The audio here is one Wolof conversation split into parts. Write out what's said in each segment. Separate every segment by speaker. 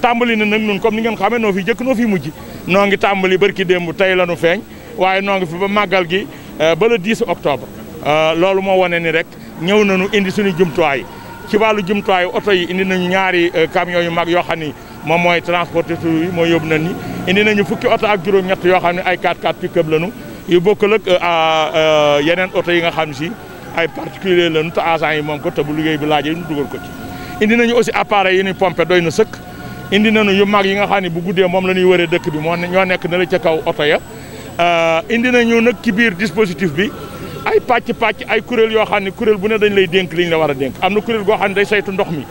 Speaker 1: tàmbali na nag nun comme ni ngeen xamee noo fi jëkk noo fi mujj noo ngi tàmbali barki démb tey la nu feeñ waaye noo fi ba màggal gi euh, ba le 10 octobre euh, loolu moo wane ni rek ñëw na nañu indi suñu jumtuwaay ci wàllu jumtuwaay oto yi indi nañu ñaari euh, camion yu mag yoo xam ni moom mooy transporté tout yi mooy yóbbu na ni indi nañu fukki oto ak juróom-ñett yoo xam ne ay 4x4 pick-up lañu yu bokkul yeneen oto yi nga xam si ay particulier lañu te agent yi moom ko te bu bi laajee ñu dugal ko ci indi nañu aussi appareil yi ñuy pompé na sëkk indi na nañu yu mag yi nga xam ne bu guddee moom la ñuy wëree dëkk bi moo ñoo nekk na la ca kaw oto ya euh, indi nañu nag ci biir dispositif bi ay pàcc pàcc ay kuréel yoo xam ne kuréel bu ne dañ lay dénk liñ ñu la war a dénk am na kuréel goo xam ne day saytu ndox mi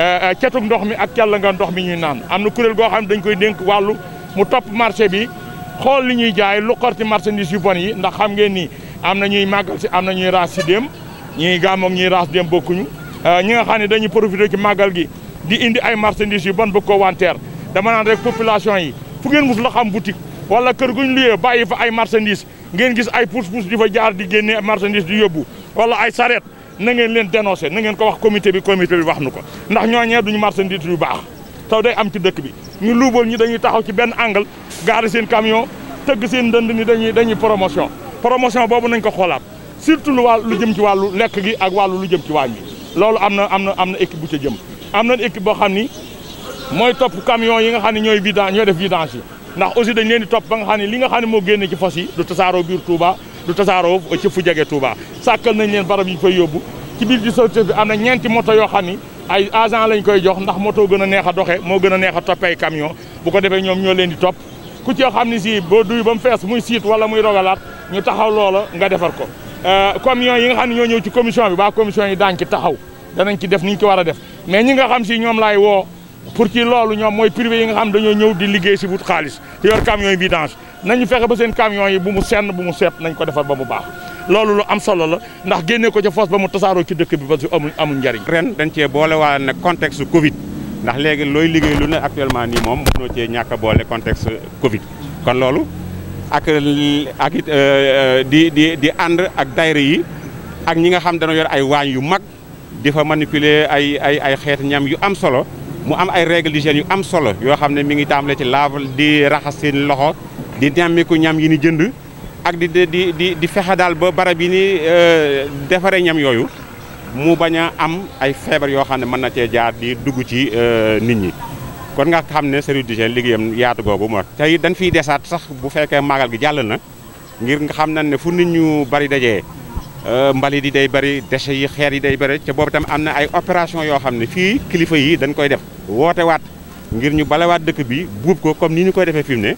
Speaker 1: euh, cetug ndox mi ak càll ndox mi ñuy naan am na kuréel goo xam ne dañ koy dénk wàllu mu topp marché bi xool li ñuy jaay lu xor ci yu bon yi ndax xam ngeen ni am na ñuy màggal si am na ñuy raas si dem ñuy gàmmoog ñuy raas dem bokkuñu euh, ñi nga xam ne dañuy profité ci màggal gi di indi ay marchandises yu bon bëgg ko wanteer dama naan rek population yi fu ngeen mus la xam boutique wala kër gu guñ luyee bàyyi fa ay marchandises ngeen gis ay pousse-pousse di fa jaar di génne marchandises di yóbbu wala ay sareet na ngeen leen dénoncé na ngeen ko wax comité bi comité bi wax nu ko ndax ñooñee duñu marchandise yu baax taw day am ci dëkk bi ñu luubal ñi dañuy taxaw ci benn angle gaari seen camion tëgg seen ndënd ni dañuy dañuy promotion promotion boobu nañ ko xoolaat surtout lu wàll lu jëm ci wàllu lekk ak wàllu lu jëm ci waañ bi loolu am na am na am na équipe bu ca jëm am nañ équipe boo xam ni mooy topp camion yi nga xam ne ñooy vidange ñooy def vidange yi ndax aussi dañ leen di topp ba nga xam ni li nga xam ne moo génne ci fos yi du tasaaroo biir Touba du tasaaroo ci fu jege Touba sàkkal nañ leen barab yi ñu fay yóbbu ci biir di sauté bi am na ñeenti moto yoo xam ni ay agent lañ koy jox ndax moto gën a neex a doxe moo gën a neex a toppee camion bu ko defee ñoom ñoo leen di topp ku ci xam ne si boo duy ba mu fees muy wala muy rogalaat ñu taxaw loola nga defar ko euh, camion yi nga xam ne ñoo ñëw bi ba commission yi daañ ci taxaw danañ ci def ni ci war a def mais ñi nga xam si ñoom laay woo pour ci loolu ñoom mooy privé yi nga xam dañoo ñëw di liggéey si wut xaalis te yor bi yi vidange nañu fexe ba seen camions yi bu mu senn bu mu seet nañ ko defar ba mu baax loolu lu am solo la ndax
Speaker 2: génne ko ca foos ba mu tasaaroo ci dëkk bi ba su amul amul njariñ ren dañ cee boole waa nag contexte Covid ndax léegi looy liggéey lu ne actuellement nii moom mënoo cee ñàkk boole contexte Covid kon loolu ak ak euh, euh, di di di ànd ak daayira yi ak ñi nga xam dañoo yor ay waañ yu mag di fa manipuler ay ay ay xeet ñam yu am solo mu am ay règles d'hygiène yu am solo yoo xam ne mi ngi tàmbale ci laabal di raxas seen loxo di nemmiku ñam yi ni jënd ak di di di di fexe daal ba barab yi ni euh, defaree ñam yooyu mu bañ a am ay feebar yoo xam ne mën na cee jaar di dugg ci euh, nit ñi. kon nga xam ne service d'hygiène liggéeyam yaatu googu moo tey dañ fiy desaat sax bu fekkee màggal gi jàll na ngir nga xam na ne fu nit ñu bari dajee. Euh, mbalit yi day bëri déchets yi xeer yi day bëri ca boobu tam am na ay opération yoo xam ne fii kilifa yi dañ koy def woote waat ngir ñu balewaat dëkk bi buub ko comme ni ñu koy defee fi ne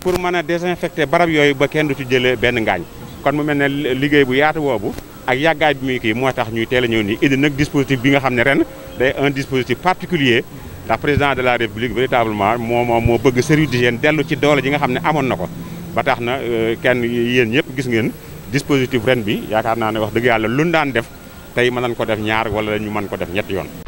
Speaker 2: pour mën a désinfecter barab yooyu ba kenn du ci jëlee benn ngaañ kon mu mel ne liggéey bu yaatu woobu ak yàggaay bi muy kii moo tax ñuy teel a ñëw nii indi nag dispositif bi nga xam ne ren day un dispositif particulier ndax président de la république véritablement moo moo moo bëgg service d'hygiène dellu ci doole ji nga xam ne amoon na ko ba tax na euh, kenn yéen ñëpp gis ngeen dispositif ren bi yaakaar naa ne wax dëgg yàlla lu daan def tey mën nañ ko def ñaar wala ñu mën ko def ñetti yoon